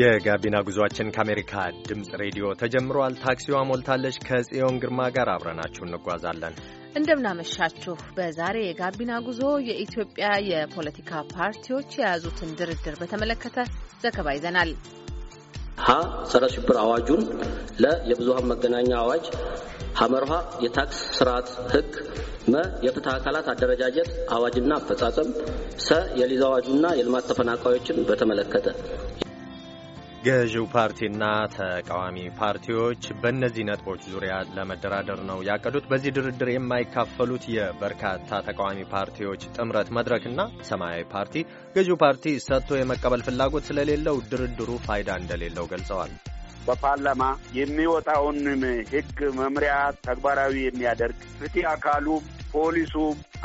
የጋቢና ጉዟችን ከአሜሪካ ድምፅ ሬዲዮ ተጀምሯል። ታክሲዋ ሞልታለች። ከጽዮን ግርማ ጋር አብረናችሁ እንጓዛለን። እንደምናመሻችሁ። በዛሬ የጋቢና ጉዞ የኢትዮጵያ የፖለቲካ ፓርቲዎች የያዙትን ድርድር በተመለከተ ዘገባ ይዘናል። ሀ ጸረ ሽብር አዋጁን ለ የብዙሀን መገናኛ አዋጅ ሀመርሃ የታክስ ስርዓት ህግ መ የፍትህ አካላት አደረጃጀት አዋጅና አፈጻጸም ሰ የሊዝ አዋጁና የልማት ተፈናቃዮችን በተመለከተ ገዢው ፓርቲና ተቃዋሚ ፓርቲዎች በእነዚህ ነጥቦች ዙሪያ ለመደራደር ነው ያቀዱት። በዚህ ድርድር የማይካፈሉት የበርካታ ተቃዋሚ ፓርቲዎች ጥምረት መድረክና ሰማያዊ ፓርቲ ገዢው ፓርቲ ሰጥቶ የመቀበል ፍላጎት ስለሌለው ድርድሩ ፋይዳ እንደሌለው ገልጸዋል። በፓርላማ የሚወጣውን ሕግ መምሪያ ተግባራዊ የሚያደርግ ፍትህ አካሉ ፖሊሱ፣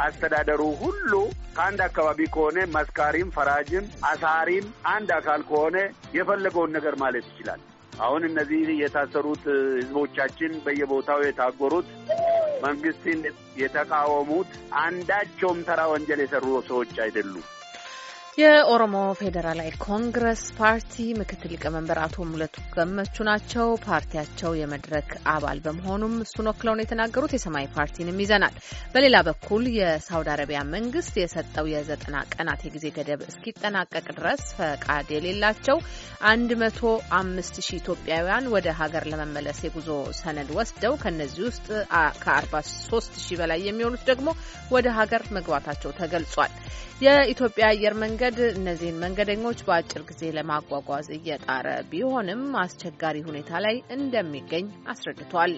አስተዳደሩ ሁሉ ከአንድ አካባቢ ከሆነ መስካሪም፣ ፈራጅም፣ አሳሪም አንድ አካል ከሆነ የፈለገውን ነገር ማለት ይችላል። አሁን እነዚህ የታሰሩት ህዝቦቻችን በየቦታው የታጎሩት መንግስትን የተቃወሙት አንዳቸውም ተራ ወንጀል የሰሩ ሰዎች አይደሉም። የኦሮሞ ፌዴራላዊ ኮንግረስ ፓርቲ ምክትል ሊቀመንበር አቶ ሙለቱ ገመቹ ናቸው። ፓርቲያቸው የመድረክ አባል በመሆኑም እሱን ወክለው ነው የተናገሩት። የሰማያዊ ፓርቲንም ይዘናል። በሌላ በኩል የሳውዲ አረቢያ መንግስት የሰጠው የዘጠና ቀናት የጊዜ ገደብ እስኪጠናቀቅ ድረስ ፈቃድ የሌላቸው አንድ መቶ አምስት ሺህ ኢትዮጵያውያን ወደ ሀገር ለመመለስ የጉዞ ሰነድ ወስደው ከነዚህ ውስጥ ከአርባ ሶስት ሺህ በላይ የሚሆኑት ደግሞ ወደ ሀገር መግባታቸው ተገልጿል። የኢትዮጵያ አየር መንገድ እነዚህን መንገደኞች በአጭር ጊዜ ለማጓጓዝ እየጣረ ቢሆንም አስቸጋሪ ሁኔታ ላይ እንደሚገኝ አስረድቷል።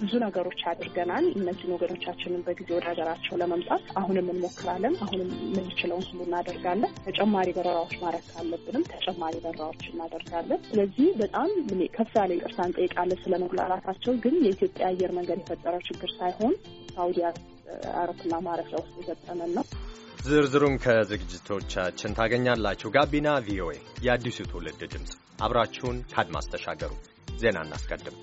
ብዙ ነገሮች አድርገናል። እነዚህን ወገኖቻችንን በጊዜ ወደ ሀገራቸው ለመምጣት አሁንም እንሞክራለን። አሁንም የምንችለውን ሁሉ እናደርጋለን። ተጨማሪ በረራዎች ማድረግ ካለብንም ተጨማሪ በረራዎች እናደርጋለን። ስለዚህ በጣም ከፍ ያለ ይቅርታ እንጠይቃለን ስለ መጉላላታቸው። ግን የኢትዮጵያ አየር መንገድ የፈጠረው ችግር ሳይሆን ሳውዲ አውሮፕላን ማረፊያ ውስጥ የገጠመን ነው። ዝርዝሩን ከዝግጅቶቻችን ታገኛላችሁ። ጋቢና ቪኦኤ የአዲሱ ትውልድ ድምፅ፣ አብራችሁን ከአድማስ ተሻገሩ። ዜና እናስቀድም።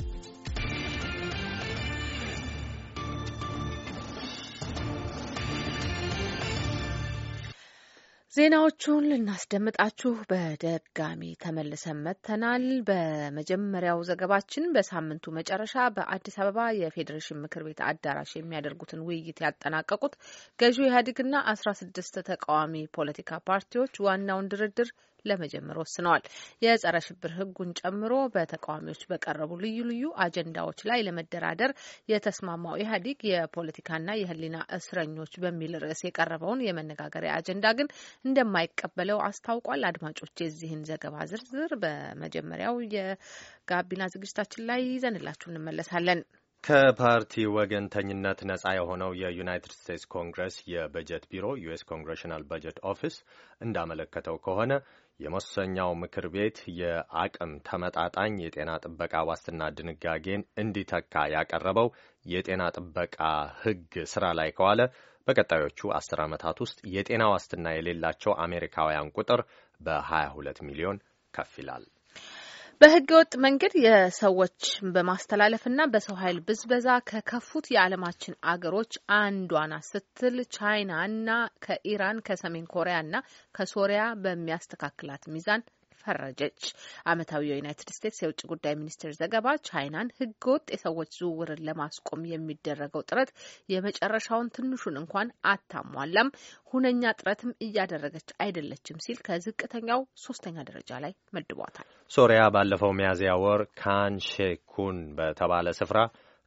ዜናዎቹን ልናስደምጣችሁ በደጋሚ ተመልሰን መጥተናል። በመጀመሪያው ዘገባችን በሳምንቱ መጨረሻ በአዲስ አበባ የፌዴሬሽን ምክር ቤት አዳራሽ የሚያደርጉትን ውይይት ያጠናቀቁት ገዢው ኢህአዴግና አስራ ስድስት ተቃዋሚ ፖለቲካ ፓርቲዎች ዋናውን ድርድር ለመጀመር ወስነዋል። የጸረ ሽብር ህጉን ጨምሮ በተቃዋሚዎች በቀረቡ ልዩ ልዩ አጀንዳዎች ላይ ለመደራደር የተስማማው ኢህአዴግ የፖለቲካና የህሊና እስረኞች በሚል ርዕስ የቀረበውን የመነጋገሪያ አጀንዳ ግን እንደማይቀበለው አስታውቋል። አድማጮች የዚህን ዘገባ ዝርዝር በመጀመሪያው የጋቢና ዝግጅታችን ላይ ይዘንላችሁ እንመለሳለን። ከፓርቲ ወገንተኝነት ነጻ የሆነው የዩናይትድ ስቴትስ ኮንግረስ የበጀት ቢሮ ዩኤስ ኮንግሬሽናል በጀት ኦፊስ እንዳመለከተው ከሆነ የመወሰኛው ምክር ቤት የአቅም ተመጣጣኝ የጤና ጥበቃ ዋስትና ድንጋጌን እንዲተካ ያቀረበው የጤና ጥበቃ ሕግ ስራ ላይ ከዋለ በቀጣዮቹ አስር ዓመታት ውስጥ የጤና ዋስትና የሌላቸው አሜሪካውያን ቁጥር በ22 ሚሊዮን ከፍ ይላል። በህገ ወጥ መንገድ የሰዎች በማስተላለፍና በሰው ኃይል ብዝበዛ ከከፉት የዓለማችን አገሮች አንዷና ስትል ቻይናና ከኢራን ከሰሜን ኮሪያና ከሶሪያ በሚያስተካክላት ሚዛን ፈረጀች። ዓመታዊ የዩናይትድ ስቴትስ የውጭ ጉዳይ ሚኒስቴር ዘገባ ቻይናን ህገወጥ የሰዎች ዝውውርን ለማስቆም የሚደረገው ጥረት የመጨረሻውን ትንሹን እንኳን አታሟላም፣ ሁነኛ ጥረትም እያደረገች አይደለችም ሲል ከዝቅተኛው ሶስተኛ ደረጃ ላይ መድቧታል። ሶሪያ ባለፈው ሚያዝያ ወር ካን ሼኩን በተባለ ስፍራ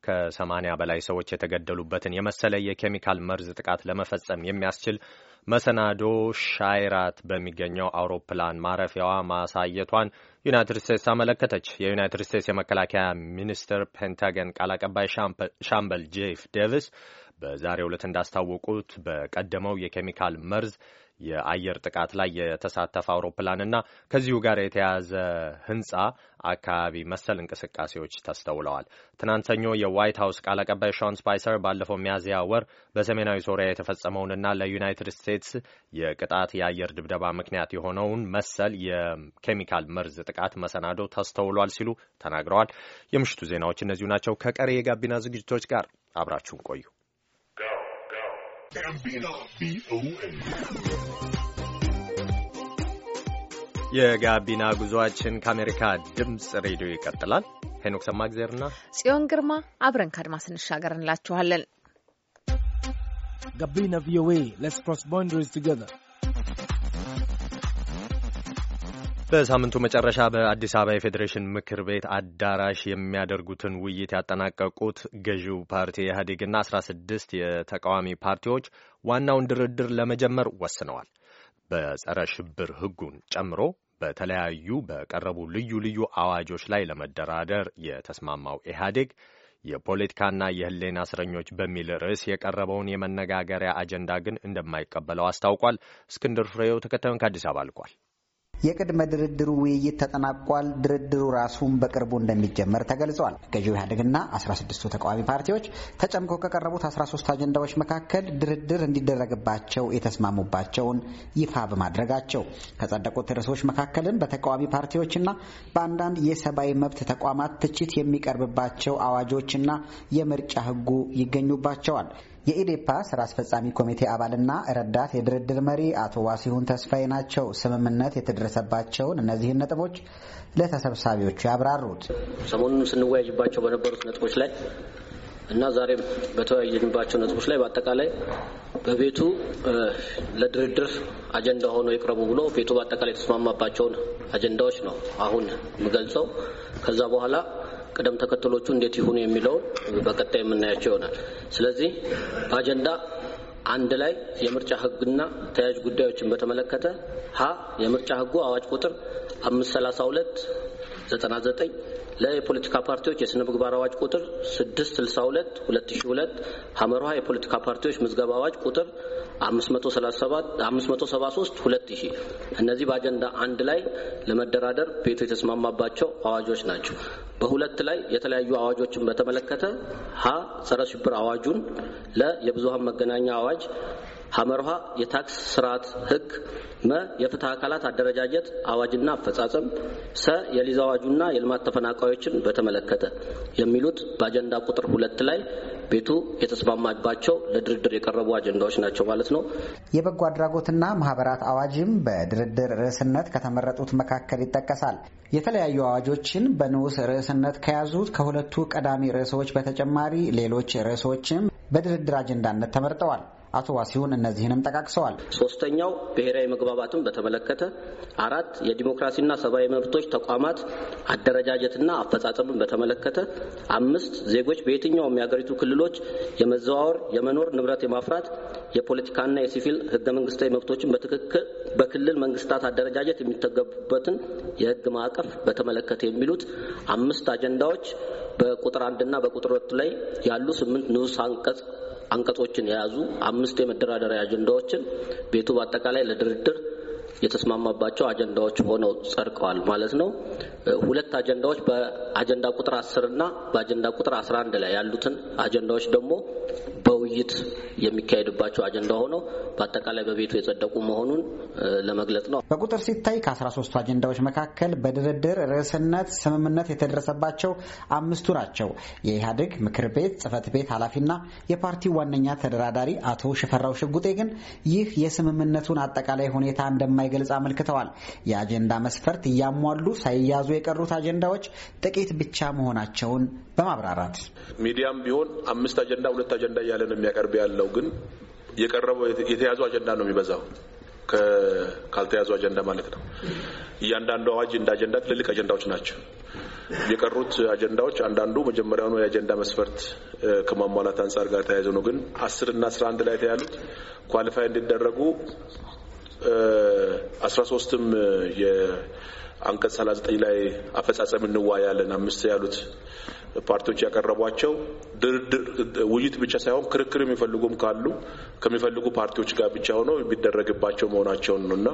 ከሰማኒያ በላይ ሰዎች የተገደሉበትን የመሰለ የኬሚካል መርዝ ጥቃት ለመፈጸም የሚያስችል መሰናዶ ሻይራት በሚገኘው አውሮፕላን ማረፊያዋ ማሳየቷን ዩናይትድ ስቴትስ አመለከተች። የዩናይትድ ስቴትስ የመከላከያ ሚኒስትር ፔንታገን ቃል አቀባይ ሻምበል ጄፍ ዴቪስ በዛሬው ዕለት እንዳስታወቁት በቀደመው የኬሚካል መርዝ የአየር ጥቃት ላይ የተሳተፈ አውሮፕላንና ከዚሁ ጋር የተያያዘ ህንፃ አካባቢ መሰል እንቅስቃሴዎች ተስተውለዋል። ትናንት ሰኞ የዋይት ሀውስ ቃል አቀባይ ሾን ስፓይሰር ባለፈው ሚያዝያ ወር በሰሜናዊ ሶሪያ የተፈጸመውንና ለዩናይትድ ስቴትስ የቅጣት የአየር ድብደባ ምክንያት የሆነውን መሰል የኬሚካል መርዝ ጥቃት መሰናዶ ተስተውሏል ሲሉ ተናግረዋል። የምሽቱ ዜናዎች እነዚሁ ናቸው። ከቀሪ የጋቢና ዝግጅቶች ጋር አብራችሁን ቆዩ። የጋቢና ጉዞአችን ከአሜሪካ ድምፅ ሬዲዮ ይቀጥላል። ሄኖክ ሰማግዜርና ጽዮን ግርማ አብረን ከአድማስ እንሻገር እንላችኋለን። ጋቢና ቪኦኤ ሌትስ ክሮስ ባውንደሪስ ቱጌዘር በሳምንቱ መጨረሻ በአዲስ አበባ የፌዴሬሽን ምክር ቤት አዳራሽ የሚያደርጉትን ውይይት ያጠናቀቁት ገዢው ፓርቲ ኢህአዴግና አስራ ስድስት የተቃዋሚ ፓርቲዎች ዋናውን ድርድር ለመጀመር ወስነዋል። በጸረ ሽብር ሕጉን ጨምሮ በተለያዩ በቀረቡ ልዩ ልዩ አዋጆች ላይ ለመደራደር የተስማማው ኢህአዴግ የፖለቲካና የህሊና እስረኞች በሚል ርዕስ የቀረበውን የመነጋገሪያ አጀንዳ ግን እንደማይቀበለው አስታውቋል። እስክንድር ፍሬው ተከታዩን ከአዲስ አበባ ልኳል። የቅድመ ድርድሩ ውይይት ተጠናቋል። ድርድሩ ራሱን በቅርቡ እንደሚጀመር ተገልጿል። ገዢው ኢህአዴግና 16ቱ ተቃዋሚ ፓርቲዎች ተጨምቆ ከቀረቡት 13 አጀንዳዎች መካከል ድርድር እንዲደረግባቸው የተስማሙባቸውን ይፋ በማድረጋቸው ከጸደቁት ርዕሶች መካከልም በተቃዋሚ ፓርቲዎችና በአንዳንድ የሰብአዊ መብት ተቋማት ትችት የሚቀርብባቸው አዋጆችና የምርጫ ህጉ ይገኙባቸዋል። የኢዴፓ ስራ አስፈጻሚ ኮሚቴ አባልና ረዳት የድርድር መሪ አቶ ዋሲሁን ተስፋዬ ናቸው። ስምምነት የተደረሰባቸውን እነዚህን ነጥቦች ለተሰብሳቢዎቹ ያብራሩት ሰሞኑን ስንወያይባቸው በነበሩት ነጥቦች ላይ እና ዛሬም በተወያየንባቸው ነጥቦች ላይ በአጠቃላይ በቤቱ ለድርድር አጀንዳ ሆኖ ይቅረቡ ብሎ ቤቱ በአጠቃላይ የተስማማባቸውን አጀንዳዎች ነው አሁን የምገልጸው። ከዛ በኋላ ቅደም ተከተሎቹ እንዴት ይሁኑ የሚለውን በቀጣይ የምናያቸው ይሆናል። ስለዚህ በአጀንዳ አንድ ላይ የምርጫ ህግና ተያያዥ ጉዳዮችን በተመለከተ ሀ የምርጫ ህጉ አዋጅ ቁጥር 532 99 ለፖለቲካ ፓርቲዎች የስነ ምግባር አዋጅ ቁጥር 662 2002 ሀመርሃ የፖለቲካ ፓርቲዎች ምዝገባ አዋጅ ቁጥር 573 2000 እነዚህ በአጀንዳ አንድ ላይ ለመደራደር ቤቱ የተስማማባቸው አዋጆች ናቸው። በሁለት ላይ የተለያዩ አዋጆችን በተመለከተ ሀ ጸረ ሽብር አዋጁን፣ ለ የብዙሀን መገናኛ አዋጅ፣ ሀመርሃ የታክስ ስርዓት ህግ፣ መ የፍትህ አካላት አደረጃጀት አዋጅና አፈጻጸም፣ ሰ የሊዝ አዋጁና የልማት ተፈናቃዮችን በተመለከተ የሚሉት በአጀንዳ ቁጥር ሁለት ላይ ቤቱ የተስማማባቸው ለድርድር የቀረቡ አጀንዳዎች ናቸው ማለት ነው። የበጎ አድራጎትና ማህበራት አዋጅም በድርድር ርዕስነት ከተመረጡት መካከል ይጠቀሳል። የተለያዩ አዋጆችን በንዑስ ርዕስነት ከያዙት ከሁለቱ ቀዳሚ ርዕሶች በተጨማሪ ሌሎች ርዕሶችም በድርድር አጀንዳነት ተመርጠዋል። አቶ ዋሲሁን እነዚህንም ጠቃቅሰዋል። ሶስተኛው ብሔራዊ መግባባትን በተመለከተ፣ አራት የዲሞክራሲና ሰብአዊ መብቶች ተቋማት አደረጃጀትና አፈጻጸምን በተመለከተ፣ አምስት ዜጎች በየትኛውም የሀገሪቱ ክልሎች የመዘዋወር የመኖር ንብረት የማፍራት የፖለቲካና የሲቪል ህገ መንግስታዊ መብቶችን በትክክል በክልል መንግስታት አደረጃጀት የሚተገቡበትን የህግ ማዕቀፍ በተመለከተ የሚሉት አምስት አጀንዳዎች በቁጥር አንድና በቁጥር ሁለት ላይ ያሉ ስምንት ንዑስ አንቀጽ አንቀጾችን የያዙ አምስት የመደራደሪያ አጀንዳዎችን ቤቱ በአጠቃላይ ለድርድር የተስማማባቸው አጀንዳዎች ሆነው ጸድቀዋል ማለት ነው። ሁለት አጀንዳዎች በአጀንዳ ቁጥር አስር እና በአጀንዳ ቁጥር አስራ አንድ ላይ ያሉትን አጀንዳዎች ደግሞ በውይይት የሚካሄድባቸው አጀንዳ ሆነው በአጠቃላይ በቤቱ የጸደቁ መሆኑን ለመግለጽ ነው። በቁጥር ሲታይ ከአስራ ሶስቱ አጀንዳዎች መካከል በድርድር ርዕስነት ስምምነት የተደረሰባቸው አምስቱ ናቸው። የኢህአዴግ ምክር ቤት ጽህፈት ቤት ኃላፊና የፓርቲው ዋነኛ ተደራዳሪ አቶ ሽፈራው ሽጉጤ ግን ይህ የስምምነቱን አጠቃላይ ሁኔታ እንደማይ በግልጽ አመልክተዋል። የአጀንዳ መስፈርት እያሟሉ ሳይያዙ የቀሩት አጀንዳዎች ጥቂት ብቻ መሆናቸውን በማብራራት ሚዲያም ቢሆን አምስት አጀንዳ ሁለት አጀንዳ እያለ ነው የሚያቀርብ ያለው ግን የቀረበው የተያዙ አጀንዳ ነው የሚበዛው ካልተያዙ አጀንዳ ማለት ነው። እያንዳንዱ አዋጅ እንደ አጀንዳ ትልልቅ አጀንዳዎች ናቸው። የቀሩት አጀንዳዎች አንዳንዱ መጀመሪያውኑ የአጀንዳ መስፈርት ከማሟላት አንጻር ጋር ተያይዘው ነው። ግን አስር እና አስራ አንድ ላይ ተያሉት ኳሊፋይ እንዲደረጉ አስራ ሶስትም የአንቀጽ ሰላሳ ዘጠኝ ላይ አፈጻጸም እንዋያለን አምስት ያሉት ፓርቲዎች ያቀረቧቸው ድርድር ውይይት ብቻ ሳይሆን ክርክር የሚፈልጉም ካሉ ከሚፈልጉ ፓርቲዎች ጋር ብቻ ሆኖ የሚደረግባቸው መሆናቸውን ነው እና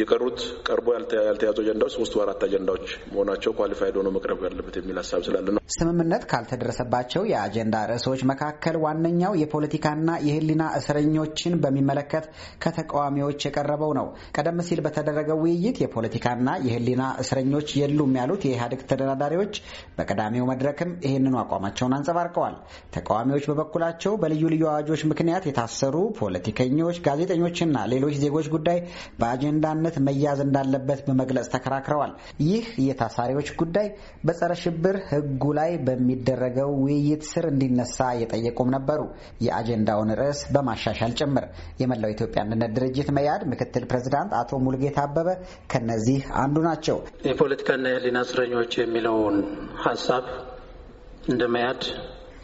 የቀሩት ቀርቦ ያልተያዙ አጀንዳዎች ሶስት አራት አጀንዳዎች መሆናቸው ኳሊፋይድ ሆኖ መቅረብ ያለበት የሚል ሀሳብ ስላለ ነው። ስምምነት ካልተደረሰባቸው የአጀንዳ ርዕሶች መካከል ዋነኛው የፖለቲካና የህሊና እስረኞችን በሚመለከት ከተቃዋሚዎች የቀረበው ነው። ቀደም ሲል በተደረገው ውይይት የፖለቲካና የህሊና እስረኞች የሉም ያሉት የኢህአዴግ ተደራዳሪዎች በቀዳሚው መድረክም ይህንኑ አቋማቸውን አንጸባርቀዋል። ተቃዋሚዎች በበኩላቸው በልዩ ልዩ አዋጆች ምክንያት የታሰሩ ፖለቲከኞች፣ ጋዜጠኞችና ሌሎች ዜጎች ጉዳይ በአጀንዳነት መያዝ እንዳለበት በመግለጽ ተከራክረዋል። ይህ የታሳሪዎች ጉዳይ በጸረ ሽብር ሕጉ ላይ በሚደረገው ውይይት ስር እንዲነሳ የጠየቁም ነበሩ። የአጀንዳውን ርዕስ በማሻሻል ጭምር የመላው ኢትዮጵያ አንድነት ድርጅት መያድ ምክትል ፕሬዝዳንት አቶ ሙልጌታ አበበ ከነዚህ አንዱ ናቸው። የፖለቲካና የህሊና እስረኞች የሚለውን ሀሳብ እንደ መያድ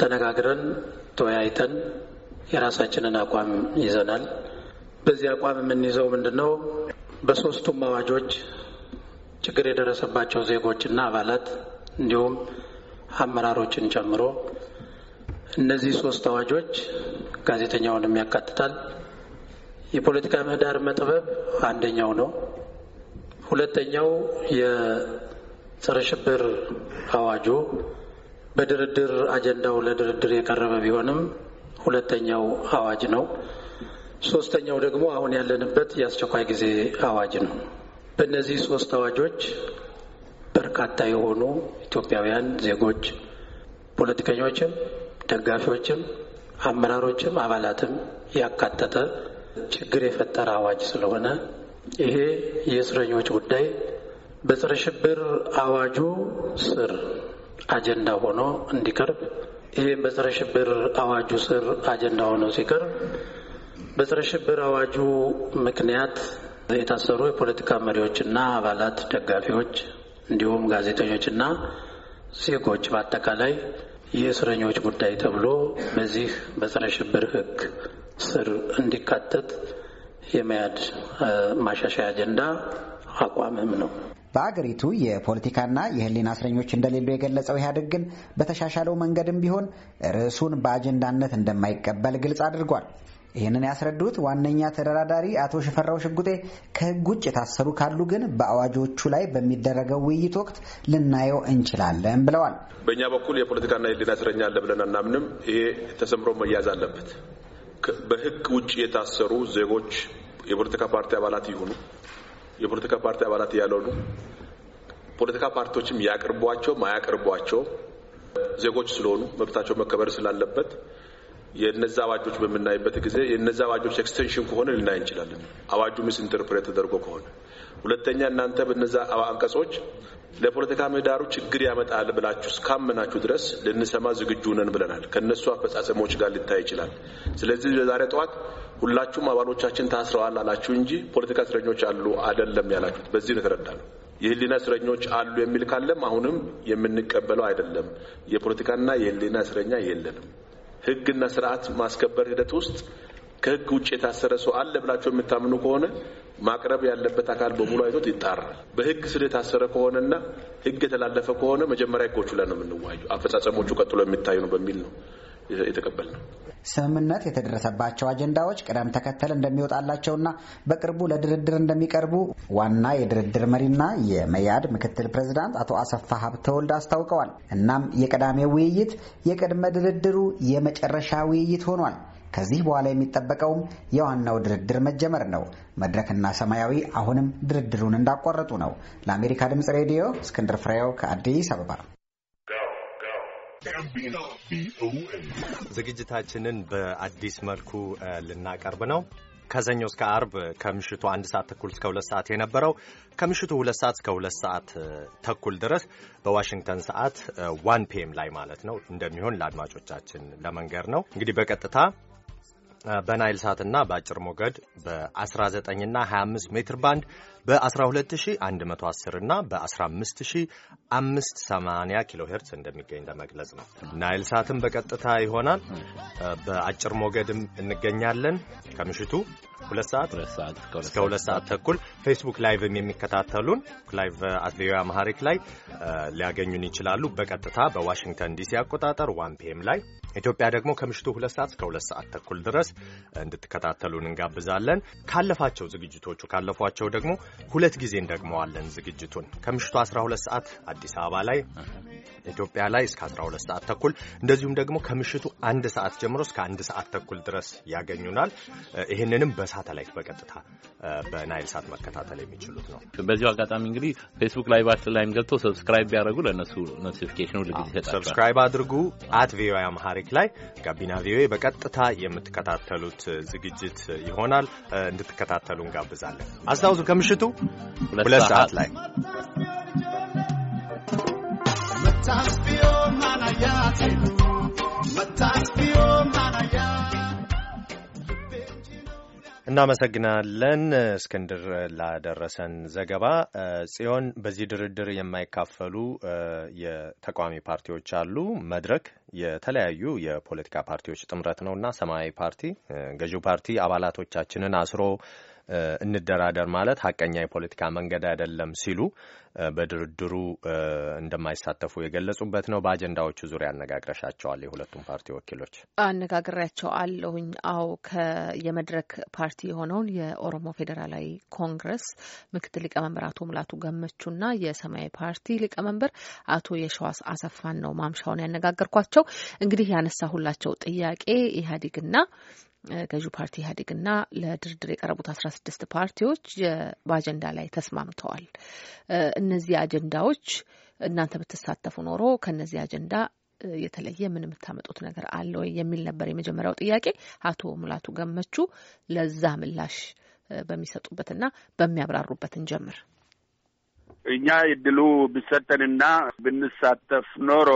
ተነጋግረን ተወያይተን የራሳችንን አቋም ይዘናል። በዚህ አቋም የምንይዘው ምንድን ነው? በሶስቱም አዋጆች ችግር የደረሰባቸው ዜጎችና አባላት እንዲሁም አመራሮችን ጨምሮ እነዚህ ሶስት አዋጆች ጋዜጠኛውንም ያካትታል። የፖለቲካ ምህዳር መጥበብ አንደኛው ነው። ሁለተኛው የጸረ ሽብር አዋጁ በድርድር አጀንዳው ለድርድር የቀረበ ቢሆንም ሁለተኛው አዋጅ ነው። ሶስተኛው ደግሞ አሁን ያለንበት የአስቸኳይ ጊዜ አዋጅ ነው። በእነዚህ ሶስት አዋጆች በርካታ የሆኑ ኢትዮጵያውያን ዜጎች ፖለቲከኞችም፣ ደጋፊዎችም፣ አመራሮችም አባላትም ያካተተ ችግር የፈጠረ አዋጅ ስለሆነ ይሄ የእስረኞች ጉዳይ በጸረ ሽብር አዋጁ ስር አጀንዳ ሆኖ እንዲቀርብ ይህም በጸረ ሽብር አዋጁ ስር አጀንዳ ሆኖ ሲቀርብ በጸረ ሽብር አዋጁ ምክንያት የታሰሩ የፖለቲካ መሪዎችና አባላት፣ ደጋፊዎች እንዲሁም ጋዜጠኞችና ዜጎች በአጠቃላይ የእስረኞች ጉዳይ ተብሎ በዚህ በጸረ ሽብር ሕግ ስር እንዲካተት የመያድ ማሻሻያ አጀንዳ አቋምም ነው። በአገሪቱ የፖለቲካና የሕሊና እስረኞች እንደሌሉ የገለጸው ኢህአዴግ ግን በተሻሻለው መንገድም ቢሆን ርዕሱን በአጀንዳነት እንደማይቀበል ግልጽ አድርጓል። ይህንን ያስረዱት ዋነኛ ተደራዳሪ አቶ ሽፈራው ሽጉጤ ከህግ ውጭ የታሰሩ ካሉ ግን በአዋጆቹ ላይ በሚደረገው ውይይት ወቅት ልናየው እንችላለን ብለዋል። በእኛ በኩል የፖለቲካና የህሊና እስረኛ አለ ብለን አናምንም። ይሄ ተሰምሮ መያዝ አለበት። በህግ ውጭ የታሰሩ ዜጎች የፖለቲካ ፓርቲ አባላት ይሁኑ የፖለቲካ ፓርቲ አባላት ያልሆኑ ፖለቲካ ፓርቲዎችም ያቅርቧቸው ማያቅርቧቸው ዜጎች ስለሆኑ መብታቸው መከበር ስላለበት የነዛ አዋጆች በምናይበት ጊዜ የነዛ አዋጆች ኤክስቴንሽን ከሆነ ልናይ እንችላለን። አዋጁ ሚስ ኢንተርፕሬት ተደርጎ ከሆነ ሁለተኛ፣ እናንተ በነዛ አንቀጾች ለፖለቲካ ምህዳሩ ችግር ያመጣል ብላችሁ እስካመናችሁ ድረስ ልንሰማ ዝግጁ ነን ብለናል። ከእነሱ አፈጻጸሞች ጋር ሊታይ ይችላል። ስለዚህ ለዛሬ ጠዋት ሁላችሁም አባሎቻችን ታስረዋል አላችሁ እንጂ ፖለቲካ እስረኞች አሉ አይደለም ያላችሁት። በዚህ ነው የተረዳ የህሊና እስረኞች አሉ የሚል ካለም አሁንም የምንቀበለው አይደለም። የፖለቲካና የህሊና እስረኛ የለንም። ህግና ስርዓት ማስከበር ሂደት ውስጥ ከህግ ውጭ የታሰረ ሰው አለ ብላቸው የምታምኑ ከሆነ ማቅረብ ያለበት አካል በሙሉ አይቶት ይጣራል። በህግ ስር የታሰረ ከሆነና ህግ የተላለፈ ከሆነ መጀመሪያ ህጎቹ ላይ ነው የምንዋዩ፣ አፈጻጸሞቹ ቀጥሎ የሚታዩ ነው በሚል ነው የተቀበል ነው። ስምምነት የተደረሰባቸው አጀንዳዎች ቅደም ተከተል እንደሚወጣላቸውና በቅርቡ ለድርድር እንደሚቀርቡ ዋና የድርድር መሪና የመያድ ምክትል ፕሬዝዳንት አቶ አሰፋ ሀብተወልድ አስታውቀዋል። እናም የቅዳሜው ውይይት የቅድመ ድርድሩ የመጨረሻ ውይይት ሆኗል። ከዚህ በኋላ የሚጠበቀውም የዋናው ድርድር መጀመር ነው። መድረክና ሰማያዊ አሁንም ድርድሩን እንዳቋረጡ ነው። ለአሜሪካ ድምፅ ሬዲዮ እስክንድር ፍሬው ከአዲስ አበባ ዝግጅታችንን በአዲስ መልኩ ልናቀርብ ነው። ከሰኞ እስከ አርብ ከምሽቱ አንድ ሰዓት ተኩል እስከ ሁለት ሰዓት የነበረው ከምሽቱ ሁለት ሰዓት እስከ ሁለት ሰዓት ተኩል ድረስ በዋሽንግተን ሰዓት ዋን ፒኤም ላይ ማለት ነው እንደሚሆን ለአድማጮቻችን ለመንገር ነው። እንግዲህ በቀጥታ በናይል ሳትና በአጭር ሞገድ በ19ና 25 ሜትር ባንድ በ12110 እና በ15580 ኪሎ ሄርትስ እንደሚገኝ ለመግለጽ ነው። ናይል ሳትም በቀጥታ ይሆናል። በአጭር ሞገድም እንገኛለን ከምሽቱ ሁለት ሰዓት እስከ ሁለት ሰዓት ተኩል ፌስቡክ ላይቭም የሚከታተሉን ላይቭ አትሌዮ አማሐሪክ ላይ ሊያገኙን ይችላሉ። በቀጥታ በዋሽንግተን ዲሲ አቆጣጠር ዋን ፒኤም ላይ ኢትዮጵያ ደግሞ ከምሽቱ ሁለት ሰዓት እስከ ሁለት ሰዓት ተኩል ድረስ እንድትከታተሉን እንጋብዛለን። ካለፋቸው ዝግጅቶቹ ካለፏቸው ደግሞ ሁለት ጊዜ እንደግመዋለን ዝግጅቱን ከምሽቱ 12 ሰዓት አዲስ አበባ ላይ ኢትዮጵያ ላይ እስከ 12 ሰዓት ተኩል እንደዚሁም ደግሞ ከምሽቱ አንድ ሰዓት ጀምሮ እስከ አንድ ሰዓት ተኩል ድረስ ያገኙናል። ይህንንም በሳተላይት በቀጥታ በናይል ሳት መከታተል የሚችሉት ነው። በዚሁ አጋጣሚ እንግዲህ ፌስቡክ ላይቫችን ላይም ገብቶ ሰብስክራይብ ቢያደርጉ ለእነሱ ኖቲፊኬሽኑ ሁልጊዜ ይሰጣል። ሰብስክራይብ አድርጉ። አት ቪኦኤ አማሃሪክ ላይ ጋቢና ቪኦኤ በቀጥታ የምትከታተሉት ዝግጅት ይሆናል። እንድትከታተሉ እንጋብዛለን። አስታውሱ ከምሽቱ ከምሽቱ ሁለት ሰዓት ላይ እናመሰግናለን እስክንድር ላደረሰን ዘገባ። ጽዮን፣ በዚህ ድርድር የማይካፈሉ የተቃዋሚ ፓርቲዎች አሉ። መድረክ የተለያዩ የፖለቲካ ፓርቲዎች ጥምረት ነውና ሰማያዊ ፓርቲ ገዢው ፓርቲ አባላቶቻችንን አስሮ እንደራደር ማለት ሀቀኛ የፖለቲካ መንገድ አይደለም ሲሉ በድርድሩ እንደማይሳተፉ የገለጹበት ነው። በአጀንዳዎቹ ዙሪያ አነጋግረሻቸዋል? የሁለቱም ፓርቲ ወኪሎች አነጋግሬያቸው አለሁኝ። አው የመድረክ ፓርቲ የሆነውን የኦሮሞ ፌዴራላዊ ኮንግረስ ምክትል ሊቀመንበር አቶ ሙላቱ ገመቹና የሰማያዊ ፓርቲ ሊቀመንበር አቶ የሸዋስ አሰፋን ነው ማምሻውን ያነጋገርኳቸው። እንግዲህ ያነሳሁላቸው ጥያቄ ኢህአዴግና ገዢው ፓርቲ ኢህአዴግና ለድርድር የቀረቡት አስራ ስድስት ፓርቲዎች በአጀንዳ ላይ ተስማምተዋል። እነዚህ አጀንዳዎች እናንተ ብትሳተፉ ኖሮ ከእነዚህ አጀንዳ የተለየ ምን የምታመጡት ነገር አለ ወይ የሚል ነበር የመጀመሪያው ጥያቄ። አቶ ሙላቱ ገመቹ ለዛ ምላሽ በሚሰጡበትና በሚያብራሩበት እንጀምር። እኛ እድሉ ቢሰጠንና ብንሳተፍ ኖሮ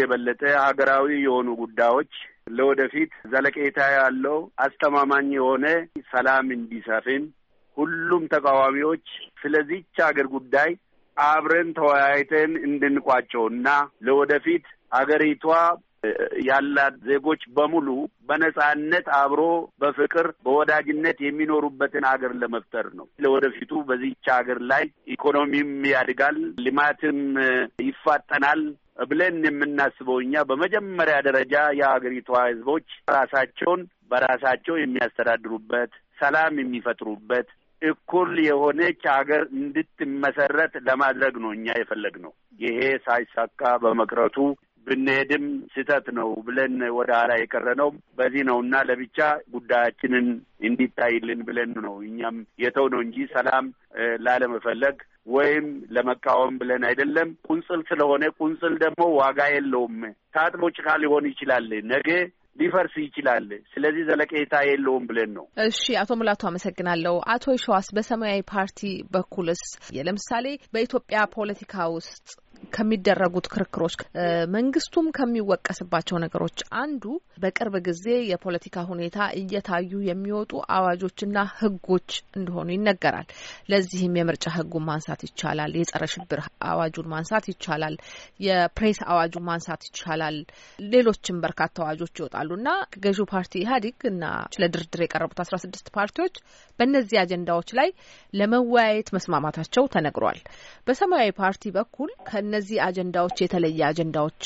የበለጠ ሀገራዊ የሆኑ ጉዳዮች ለወደፊት ዘለቄታ ያለው አስተማማኝ የሆነ ሰላም እንዲሰፍን ሁሉም ተቃዋሚዎች ስለዚች አገር ጉዳይ አብረን ተወያይተን እንድንቋቸውና ለወደፊት አገሪቷ ያላት ዜጎች በሙሉ በነጻነት አብሮ በፍቅር በወዳጅነት የሚኖሩበትን ሀገር ለመፍጠር ነው። ለወደፊቱ በዚች ሀገር ላይ ኢኮኖሚም ያድጋል፣ ልማትም ይፋጠናል፣ ብለን የምናስበው እኛ በመጀመሪያ ደረጃ የአገሪቷ ህዝቦች ራሳቸውን በራሳቸው የሚያስተዳድሩበት፣ ሰላም የሚፈጥሩበት እኩል የሆነች ሀገር እንድትመሰረት ለማድረግ ነው እኛ የፈለግ ነው። ይሄ ሳይሳካ በመቅረቱ ብንሄድም ስህተት ነው ብለን ወደ ኋላ ነው በዚህ ነው እና ለብቻ ጉዳያችንን እንዲታይልን ብለን ነው እኛም የተው ነው እንጂ ሰላም ላለመፈለግ ወይም ለመቃወም ብለን አይደለም። ቁንጽል ስለሆነ ቁንጽል ደግሞ ዋጋ የለውም። ታጥቦ ጭቃ ሊሆን ይችላል ነገ ሊፈርስ ይችላል። ስለዚህ ዘለቄታ የለውም ብለን ነው። እሺ፣ አቶ ሙላቱ አመሰግናለሁ። አቶ ይሸዋስ፣ በሰማያዊ ፓርቲ በኩልስ ለምሳሌ በኢትዮጵያ ፖለቲካ ውስጥ ከሚደረጉት ክርክሮች መንግስቱም ከሚወቀስባቸው ነገሮች አንዱ በቅርብ ጊዜ የፖለቲካ ሁኔታ እየታዩ የሚወጡ አዋጆችና ህጎች እንደሆኑ ይነገራል። ለዚህም የምርጫ ህጉን ማንሳት ይቻላል። የጸረ ሽብር አዋጁን ማንሳት ይቻላል። የፕሬስ አዋጁን ማንሳት ይቻላል። ሌሎችም በርካታ አዋጆች ይወጣሉ እና ገዢው ፓርቲ ኢህአዴግ እና ለድርድር የቀረቡት አስራ ስድስት ፓርቲዎች በእነዚህ አጀንዳዎች ላይ ለመወያየት መስማማታቸው ተነግሯል። በሰማያዊ ፓርቲ በኩል ከነ እነዚህ አጀንዳዎች የተለየ አጀንዳዎች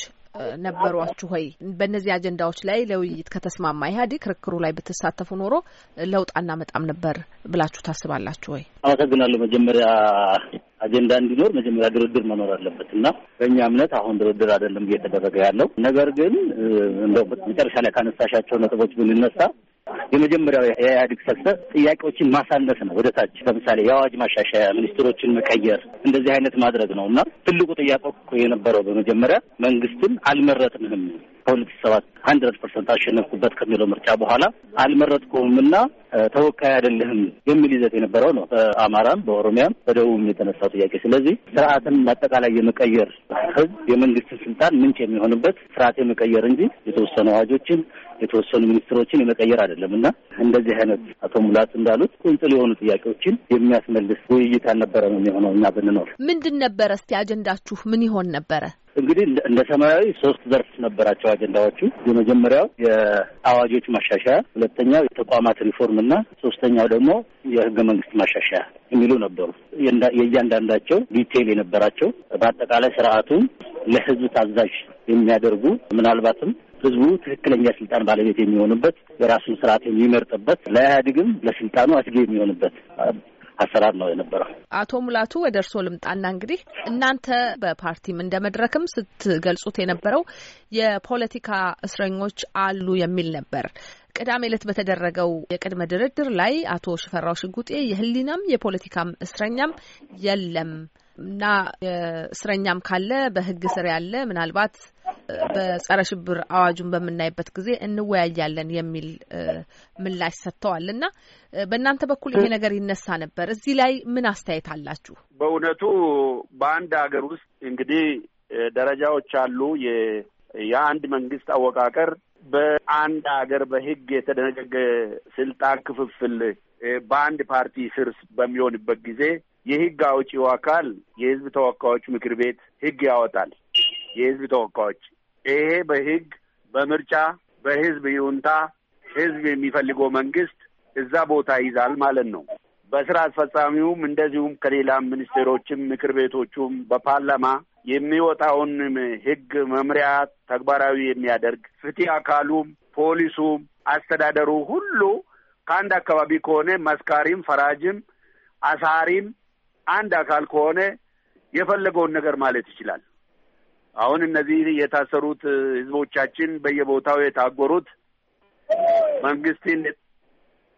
ነበሯችሁ ወይ? በእነዚህ አጀንዳዎች ላይ ለውይይት ከተስማማ ኢህአዴግ ክርክሩ ላይ ብትሳተፉ ኖሮ ለውጥ አናመጣም ነበር ብላችሁ ታስባላችሁ ወይ? አመሰግናለሁ። መጀመሪያ አጀንዳ እንዲኖር መጀመሪያ ድርድር መኖር አለበት እና በእኛ እምነት አሁን ድርድር አይደለም እየተደረገ ያለው ነገር ግን እንደው መጨረሻ ላይ ካነሳሻቸው ነጥቦች ብንነሳ የመጀመሪያው የኢህአዴግ ፍልሰት ጥያቄዎችን ማሳነስ ነው ወደታች ለምሳሌ የአዋጅ ማሻሻያ፣ ሚኒስትሮችን መቀየር፣ እንደዚህ አይነት ማድረግ ነው እና ትልቁ ጥያቄ የነበረው በመጀመሪያ መንግስትን አልመረጥንም ከሁለት ሰባት ሀንድረድ ፐርሰንት አሸነፍኩበት ከሚለው ምርጫ በኋላ አልመረጥኩም እና ተወካይ አይደለህም የሚል ይዘት የነበረው ነው። በአማራም በኦሮሚያም በደቡብም የተነሳው ጥያቄ። ስለዚህ ስርዓትን አጠቃላይ የመቀየር ህዝብ የመንግስትን ስልጣን ምንጭ የሚሆንበት ስርዓት የመቀየር እንጂ የተወሰኑ አዋጆችን የተወሰኑ ሚኒስትሮችን የመቀየር አይደለም እና እንደዚህ አይነት አቶ ሙላት እንዳሉት ቁንጽል የሆኑ ጥያቄዎችን የሚያስመልስ ውይይት አልነበረ ነው የሚሆነው እና ብንኖር ምንድን ነበረ እስቲ አጀንዳችሁ ምን ይሆን ነበረ? እንግዲህ እንደ ሰማያዊ ሶስት ዘርፍ ነበራቸው አጀንዳዎቹ። የመጀመሪያው የአዋጆች ማሻሻያ፣ ሁለተኛው የተቋማት ሪፎርም እና ሶስተኛው ደግሞ የህገ መንግስት ማሻሻያ የሚሉ ነበሩ። የእያንዳንዳቸው ዲቴይል የነበራቸው በአጠቃላይ ስርዓቱን ለህዝብ ታዛዥ የሚያደርጉ ምናልባትም ህዝቡ ትክክለኛ ስልጣን ባለቤት የሚሆንበት የራሱን ስርዓት የሚመርጥበት ለኢህአዴግም ለስልጣኑ አስጊ የሚሆንበት አሰራር ነው የነበረው። አቶ ሙላቱ ወደ እርስዎ ልምጣና እንግዲህ እናንተ በፓርቲም እንደ መድረክም ስትገልጹት የነበረው የፖለቲካ እስረኞች አሉ የሚል ነበር። ቅዳሜ ዕለት በተደረገው የቅድመ ድርድር ላይ አቶ ሽፈራው ሽጉጤ የህሊናም የፖለቲካም እስረኛም የለም እና እስረኛም ካለ በህግ ስር ያለ ምናልባት በጸረ ሽብር አዋጁን በምናይበት ጊዜ እንወያያለን የሚል ምላሽ ሰጥተዋል እና በእናንተ በኩል ይሄ ነገር ይነሳ ነበር። እዚህ ላይ ምን አስተያየት አላችሁ? በእውነቱ በአንድ ሀገር ውስጥ እንግዲህ ደረጃዎች አሉ። የአንድ መንግስት አወቃቀር በአንድ ሀገር በህግ የተደነገገ ስልጣን ክፍፍል በአንድ ፓርቲ ስር በሚሆንበት ጊዜ የህግ አውጪው አካል የህዝብ ተወካዮች ምክር ቤት ህግ ያወጣል። የህዝብ ተወካዮች ይሄ በህግ በምርጫ በህዝብ ይሁንታ ህዝብ የሚፈልገው መንግስት እዛ ቦታ ይዛል ማለት ነው። በስራ አስፈጻሚውም እንደዚሁም ከሌላ ሚኒስቴሮችም፣ ምክር ቤቶቹም በፓርላማ የሚወጣውን ህግ መምሪያ ተግባራዊ የሚያደርግ ፍትህ አካሉም፣ ፖሊሱም፣ አስተዳደሩ ሁሉ ከአንድ አካባቢ ከሆነ መስካሪም፣ ፈራጅም፣ አሳሪም አንድ አካል ከሆነ የፈለገውን ነገር ማለት ይችላል። አሁን እነዚህ የታሰሩት ህዝቦቻችን በየቦታው የታጎሩት መንግስትን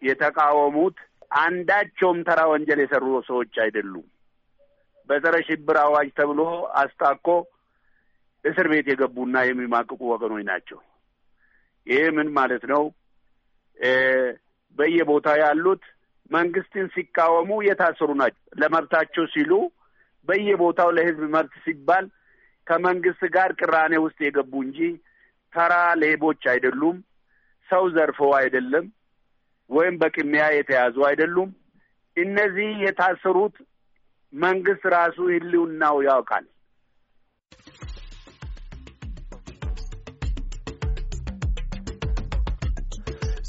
የተቃወሙት አንዳቸውም ተራ ወንጀል የሰሩ ሰዎች አይደሉም። በጸረ ሽብር አዋጅ ተብሎ አስታኮ እስር ቤት የገቡና የሚማቅቁ ወገኖች ናቸው። ይህ ምን ማለት ነው? በየቦታው ያሉት መንግስትን ሲቃወሙ የታሰሩ ናቸው። ለመብታቸው ሲሉ በየቦታው ለህዝብ መብት ሲባል ከመንግስት ጋር ቅራኔ ውስጥ የገቡ እንጂ ተራ ሌቦች አይደሉም። ሰው ዘርፈው አይደለም፣ ወይም በቅሚያ የተያዙ አይደሉም። እነዚህ የታሰሩት መንግስት ራሱ ህልውናው ያውቃል።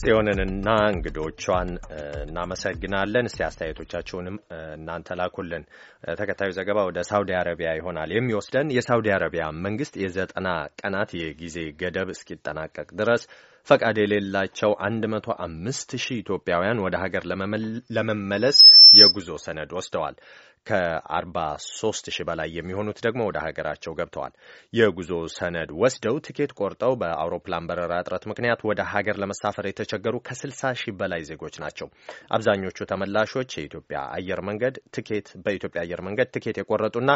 ጽዮንንና እንግዶቿን እናመሰግናለን። እስቲ አስተያየቶቻችሁንም እናንተ ላኩልን። ተከታዩ ዘገባ ወደ ሳውዲ አረቢያ ይሆናል የሚወስደን የሳውዲ አረቢያ መንግስት የዘጠና ቀናት የጊዜ ገደብ እስኪጠናቀቅ ድረስ ፈቃድ የሌላቸው 1መቶ አምስት ሺህ ኢትዮጵያውያን ወደ ሀገር ለመመለስ የጉዞ ሰነድ ወስደዋል። ከ43 ሺህ በላይ የሚሆኑት ደግሞ ወደ ሀገራቸው ገብተዋል። የጉዞ ሰነድ ወስደው ትኬት ቆርጠው በአውሮፕላን በረራ እጥረት ምክንያት ወደ ሀገር ለመሳፈር የተቸገሩ ከ60 ሺህ በላይ ዜጎች ናቸው። አብዛኞቹ ተመላሾች የኢትዮጵያ አየር መንገድ ትኬት በኢትዮጵያ አየር መንገድ ትኬት የቆረጡና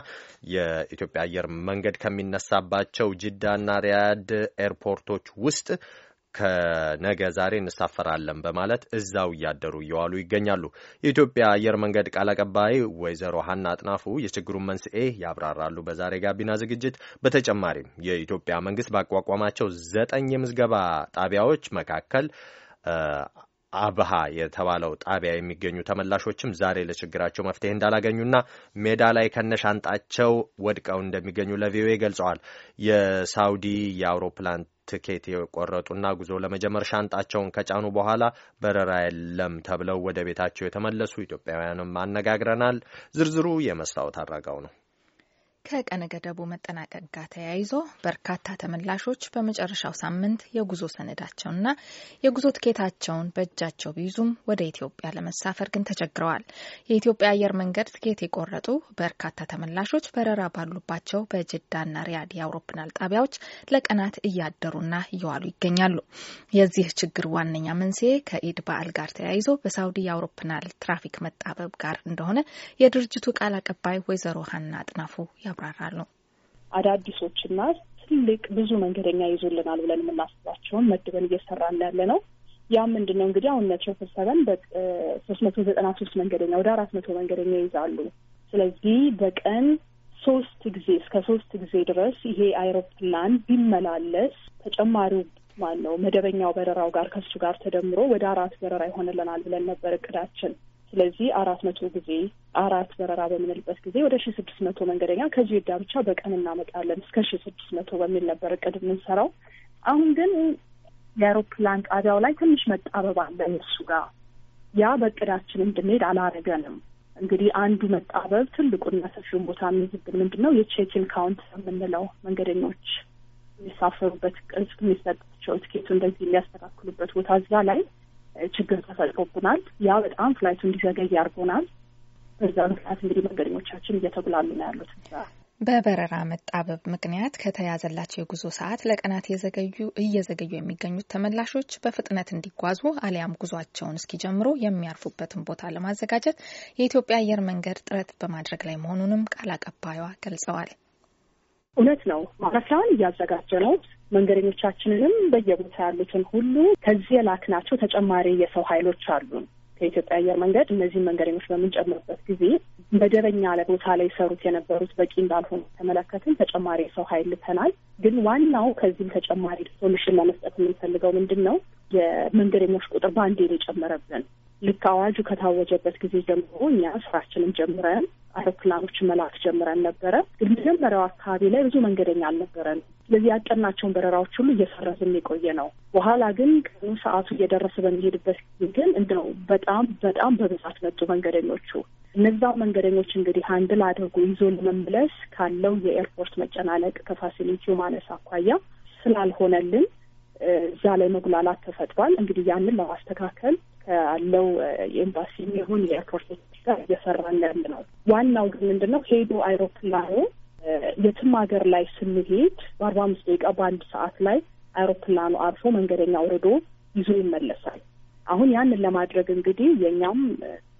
የኢትዮጵያ አየር መንገድ ከሚነሳባቸው ጅዳና ሪያድ ኤርፖርቶች ውስጥ ከነገ ዛሬ እንሳፈራለን በማለት እዛው እያደሩ እየዋሉ ይገኛሉ። የኢትዮጵያ አየር መንገድ ቃል አቀባይ ወይዘሮ ሀና አጥናፉ የችግሩን መንስኤ ያብራራሉ። በዛሬ ጋቢና ዝግጅት በተጨማሪም የኢትዮጵያ መንግስት ባቋቋማቸው ዘጠኝ የምዝገባ ጣቢያዎች መካከል አብሃ የተባለው ጣቢያ የሚገኙ ተመላሾችም ዛሬ ለችግራቸው መፍትሄ እንዳላገኙና ሜዳ ላይ ከነሻንጣቸው ወድቀው እንደሚገኙ ለቪኦኤ ገልጸዋል። የሳውዲ የአውሮፕላን ትኬት የቆረጡና ጉዞ ለመጀመር ሻንጣቸውን ከጫኑ በኋላ በረራ የለም ተብለው ወደ ቤታቸው የተመለሱ ኢትዮጵያውያንም አነጋግረናል። ዝርዝሩ የመስታወት አድራጋው ነው። ከቀነ ገደቡ መጠናቀቅ ጋር ተያይዞ በርካታ ተመላሾች በመጨረሻው ሳምንት የጉዞ ሰነዳቸውንና የጉዞ ትኬታቸውን በእጃቸው ቢይዙም ወደ ኢትዮጵያ ለመሳፈር ግን ተቸግረዋል። የኢትዮጵያ አየር መንገድ ትኬት የቆረጡ በርካታ ተመላሾች በረራ ባሉባቸው በጅዳና ሪያድ የአውሮፕላን ጣቢያዎች ለቀናት እያደሩና እየዋሉ ይገኛሉ። የዚህ ችግር ዋነኛ መንስኤ ከኢድ በዓል ጋር ተያይዞ በሳውዲ የአውሮፕላን ትራፊክ መጣበብ ጋር እንደሆነ የድርጅቱ ቃል አቀባይ ወይዘሮ ሀና አጥናፉ ያብራራሉ። አዳዲሶችና ትልቅ ብዙ መንገደኛ ይዞልናል ብለን የምናስባቸውን መድበን እየሰራን ያለ ነው። ያ ምንድን ነው እንግዲህ አሁን ሜትሮፖል ሰቨን ሶስት መቶ ዘጠና ሶስት መንገደኛ ወደ አራት መቶ መንገደኛ ይይዛሉ። ስለዚህ በቀን ሶስት ጊዜ እስከ ሶስት ጊዜ ድረስ ይሄ አይሮፕላን ቢመላለስ ተጨማሪው ማን ነው መደበኛው በረራው ጋር ከሱ ጋር ተደምሮ ወደ አራት በረራ ይሆንልናል ብለን ነበር እቅዳችን። ስለዚህ አራት መቶ ጊዜ አራት በረራ በምንልበት ጊዜ ወደ ሺ ስድስት መቶ መንገደኛ ከጅዳ ብቻ በቀን እናመጣለን እስከ ሺ ስድስት መቶ በሚል ነበር እቅድ የምንሰራው። አሁን ግን የአውሮፕላን ጣቢያው ላይ ትንሽ መጣበብ አለ እሱ ጋር ያ በእቅዳችን እንድንሄድ አላረገንም። እንግዲህ አንዱ መጣበብ ትልቁና ሰፊውን ቦታ የሚይዝብን ምንድን ነው የቼኪን ካውንት የምንለው መንገደኞች የሚሳፈሩበት ቅርጽ የሚሰጣቸው ትኬቱ እንደዚህ የሚያስተካክሉበት ቦታ እዛ ላይ ችግር ተፈጥሮብናል። ያ በጣም ፍላይቱ እንዲዘገይ ያርጎናል። በዛ ምክንያት እንግዲህ መንገደኞቻችን እየተጉላሉ ነው ያሉት። በበረራ መጣበብ ምክንያት ከተያዘላቸው የጉዞ ሰዓት ለቀናት የዘገዩ እየዘገዩ የሚገኙት ተመላሾች በፍጥነት እንዲጓዙ አሊያም ጉዟቸውን እስኪጀምሩ የሚያርፉበትን ቦታ ለማዘጋጀት የኢትዮጵያ አየር መንገድ ጥረት በማድረግ ላይ መሆኑንም ቃል አቀባይዋ ገልጸዋል። እውነት ነው። ማረፊያውን እያዘጋጀ ነው። መንገደኞቻችንንም በየቦታ ያሉትን ሁሉ ከዚህ የላክናቸው ተጨማሪ የሰው ኃይሎች አሉ ከኢትዮጵያ አየር መንገድ እነዚህን መንገደኞች በምንጨምርበት ጊዜ መደበኛ ለቦታ ላይ ሰሩት የነበሩት በቂ እንዳልሆኑ ተመለከትን። ተጨማሪ የሰው ኃይል ልተናል። ግን ዋናው ከዚህም ተጨማሪ ሶሉሽን ለመስጠት የምንፈልገው ምንድን ነው? የመንገደኞች ቁጥር በአንዴ ነው የጨመረብን። ልክ አዋጁ ከታወጀበት ጊዜ ጀምሮ እኛ ስራችንን ጀምረን አውሮፕላኖችን መላክ ጀምረን ነበረ። ግን መጀመሪያው አካባቢ ላይ ብዙ መንገደኛ አልነበረን። ስለዚህ ያቀናቸውን በረራዎች ሁሉ እየሰረዝን የቆየ ነው። በኋላ ግን ቀኑ ሰዓቱ እየደረሰ በሚሄድበት ጊዜ ግን እንደው በጣም በጣም በብዛት መጡ መንገደኞቹ። እነዛ መንገደኞች እንግዲህ ሀንድል አድርጎ ይዞ ለመመለስ ካለው የኤርፖርት መጨናነቅ ከፋሲሊቲው ማነስ አኳያ ስላልሆነልን እዛ ላይ መጉላላት ተፈጥሯል። እንግዲህ ያንን ለማስተካከል ከአለው የኤምባሲ ይሁን የኤርፖርቶች ጋር እየሰራን ያለ ነው። ዋናው ግን ምንድን ነው ሄዶ አይሮፕላኑ የትም ሀገር ላይ ስንሄድ በአርባ አምስት ደቂቃ በአንድ ሰዓት ላይ አይሮፕላኑ አርፎ መንገደኛ አውርዶ ይዞ ይመለሳል። አሁን ያንን ለማድረግ እንግዲህ የእኛም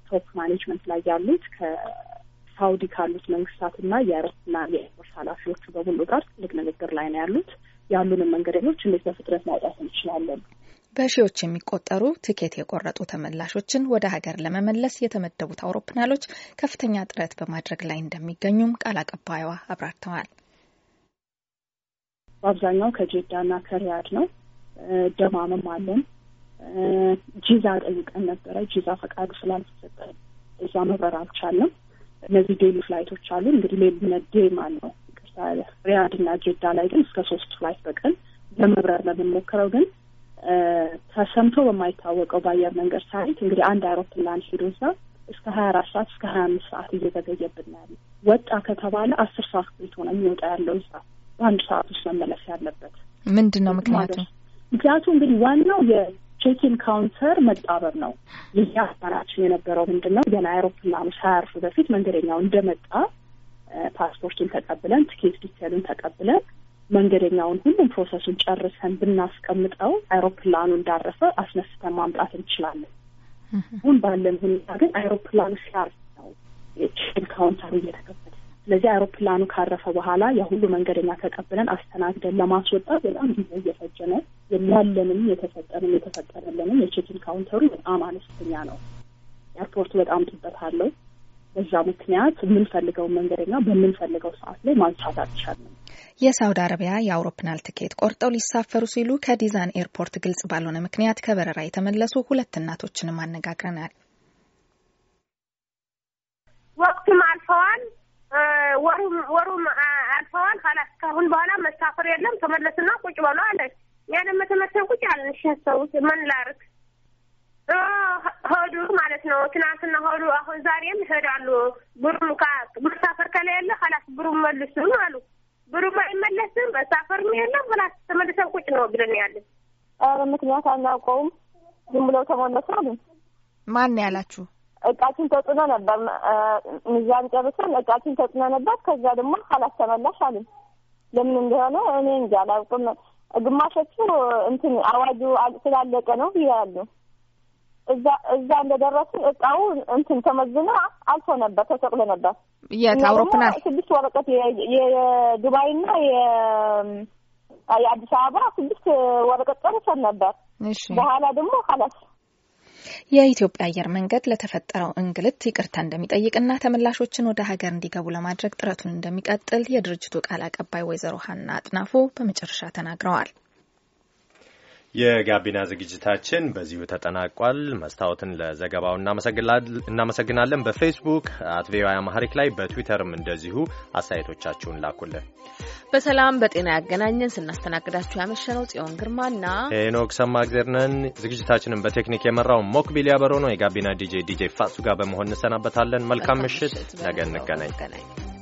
ቶፕ ማኔጅመንት ላይ ያሉት ከሳውዲ ካሉት መንግስታትና የአይሮፕላ የኤርፖርት ኃላፊዎቹ በሙሉ ጋር ትልቅ ንግግር ላይ ነው ያሉት። ያሉንም መንገደኞች እንዴት በፍጥነት ማውጣት እንችላለን በሺዎች የሚቆጠሩ ትኬት የቆረጡ ተመላሾችን ወደ ሀገር ለመመለስ የተመደቡት አውሮፕላኖች ከፍተኛ ጥረት በማድረግ ላይ እንደሚገኙም ቃል አቀባይዋ አብራርተዋል። በአብዛኛው ከጄዳና ከሪያድ ነው። ደማምም አለን። ጂዛ ጠይቀን ነበረ። ጂዛ ፈቃዱ ስላልተሰጠ እዛ መብረር አልቻለም። እነዚህ ዴሊ ፍላይቶች አሉ። እንግዲህ ሌልነት ዴ ነው ሪያድ እና ጄዳ ላይ ግን እስከ ሶስት ፍላይት በቀን ለመብረር ነው የምንሞክረው ግን ተሰምቶ በማይታወቀው በአየር መንገድ ሳይት እንግዲህ አንድ አውሮፕላን ሄዶ እዛ እስከ ሀያ አራት ሰዓት እስከ ሀያ አምስት ሰዓት እየዘገየብን ያለ ወጣ ከተባለ አስር ሰዓት ቤት ሆነ የሚወጣ ያለው እዛ በአንድ ሰዓት ውስጥ መመለስ ያለበት ምንድን ነው ምክንያቱ? ምክንያቱ እንግዲህ ዋናው የቼኪን ካውንተር መጣበር ነው። ይህ አባናችን የነበረው ምንድን ነው ገና አውሮፕላኑ ሳያርፍ በፊት መንገደኛው እንደመጣ ፓስፖርቱን ተቀብለን ትኬት ዲቴሉን ተቀብለን መንገደኛውን ሁሉም ፕሮሰሱን ጨርሰን ብናስቀምጠው አይሮፕላኑ እንዳረፈ አስነስተን ማምጣት እንችላለን። አሁን ባለን ሁኔታ ግን አይሮፕላኑ ሲያርፍ ነው ቼን ካውንተሩ እየተከፈተ ስለዚህ አይሮፕላኑ ካረፈ በኋላ የሁሉ መንገደኛ ተቀብለን አስተናግደን ለማስወጣት በጣም ጊዜ እየፈጀ ነው። ያለንም የተሰጠንም የተፈቀደልንም የቼኪን ካውንተሩ በጣም አነስተኛ ነው። ኤርፖርቱ በጣም ጥበት አለው። በዛ ምክንያት የምንፈልገውን መንገደኛ በምንፈልገው ሰዓት ላይ ማንሳት አልቻለም። የሳውዲ አረቢያ የአውሮፕላን ትኬት ቆርጠው ሊሳፈሩ ሲሉ ከዲዛን ኤርፖርት ግልጽ ባልሆነ ምክንያት ከበረራ የተመለሱ ሁለት እናቶችንም አነጋግረናል። ወቅቱም አልፈዋል፣ ወሩም አልፈዋል። ካላስ ካሁን በኋላ መሳፈር የለም ተመለስና ቁጭ በሉ አለች። ያን መተመሰብ ቁጭ አለን። ሰዎች ምን ላርግ ሆዱ ማለት ነው። ትናንትና ሆዱ አሁን ዛሬም ይሄዳሉ። ብሩም መሳፈር ከሌለ ካላስ ብሩም መልሱም አሉ። ብሩም አይመለስም፣ መሳፈርም የለም። ምና ተመልሰን ቁጭ ነው ብለን ያለን። ኧረ ምክንያት አናውቀውም። ዝም ብለው ተመለሱ አሉ። ማን ያላችሁ? እቃችን ተጽዕኖ ነበር። ሚዛን ጨርሰን እቃችን ተጽዕኖ ነበር። ከዛ ደግሞ ካላስ ተመላሽ አሉ። ለምን እንደሆነ እኔ እንጃ አላውቅም። ግማሾቹ እንትን አዋጁ ስላለቀ ነው ይላሉ። እዛ እዛ እንደደረሱ እቃው እንትን ተመዝኖ አልፎ ነበር፣ ተሰቅሎ ነበር። የት አውሮፕላን ስድስት ወረቀት የዱባይና የአዲስ አበባ ስድስት ወረቀት ጨርሰን ነበር። በኋላ ደግሞ ካላስ የኢትዮጵያ አየር መንገድ ለተፈጠረው እንግልት ይቅርታ እንደሚጠይቅና ተመላሾችን ወደ ሀገር እንዲገቡ ለማድረግ ጥረቱን እንደሚቀጥል የድርጅቱ ቃል አቀባይ ወይዘሮ ሀና አጥናፉ በመጨረሻ ተናግረዋል። የጋቢና ዝግጅታችን በዚሁ ተጠናቋል። መስታወትን ለዘገባው እናመሰግናለን። በፌስቡክ አት ቪኦኤ አማሪክ ላይ በትዊተርም እንደዚሁ አስተያየቶቻችሁን ላኩልን። በሰላም በጤና ያገናኘን። ስናስተናግዳችሁ ያመሸነው ጽዮን ግርማና ሄኖክ ሰማእግዜር ነን። ዝግጅታችንን በቴክኒክ የመራው ሞክቢል ያበሮ ነው። የጋቢና ዲጄ ዲጄ ፋሱ ጋር በመሆን እንሰናበታለን። መልካም ምሽት። ነገ እንገናኝ።